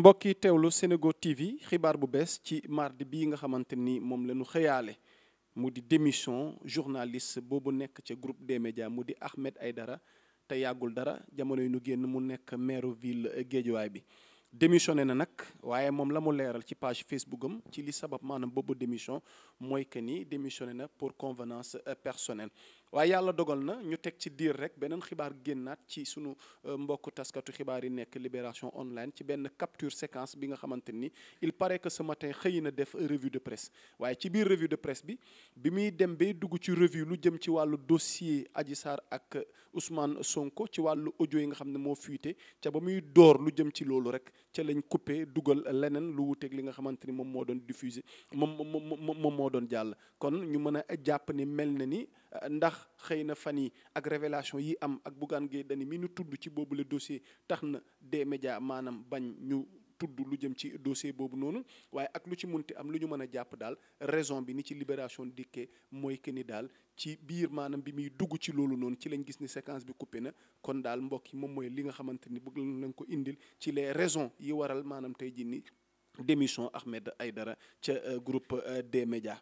mbokk yi teewlu Senego TV xibaar bu bees ci mardi bii nga xamante ni moom la ñu xëyaale mu di démission journaliste boobu nekk ca groupe des médias mu di Ahmed dara te yàggul dara jamono yi nu génn mu nekk maire ville Géejuwaay bi démissionné na nag waaye moom la mu leeral ci page Facebook am ci li sabab maanaam boobu démission mooy que ni démissionné na pour convenance personnelle. waaye yàlla dogal na ñu teg ci diir rek beneen xibaar génnaat ci suñu euh, mbokk taskatu xibaar yi nekk Libération online ci benn capture séquence bi nga xamante ni il pare que ce matin xëy na def revue de presse waaye ci biir revue de presse bi bi muy dem bee dugg ci revue lu jëm ci wàllu dossier aji sar ak euh, Ousmane Sonko ci wàllu audio yi nga xam ne moo fuité ca ba muy door lu jëm ci loolu rek ca lañ coupé dugal leneen lu wuteeg li nga xamante ni moom moo doon diffusé moom moom moom moo doon jàll kon ñu mën a jàpp ni mel na ni. ndax xëy na fan yi ak révélation yi am ak Bougane gee Dany mi nu tudd ci boobu le dossier tax na des médias maanaam bañ ñu tudd lu jëm ci dossier boobu noonu waaye ak lu ci munti am lu ñu mën a jàpp daal raison bi ni ci libération dikkee mooy que ni daal ci biir maanaam bi muy dugg ci loolu noonu ci lañ gis ni séquence bi coupé na kon daal mbokk yi moom mooy li nga xamante ni bëgg nañ ko indil ci les raisons yi waral maanaam tey jii ni démission Ahmed Aïdara ca euh, groupe euh, des médias